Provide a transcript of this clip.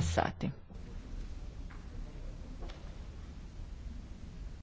sati.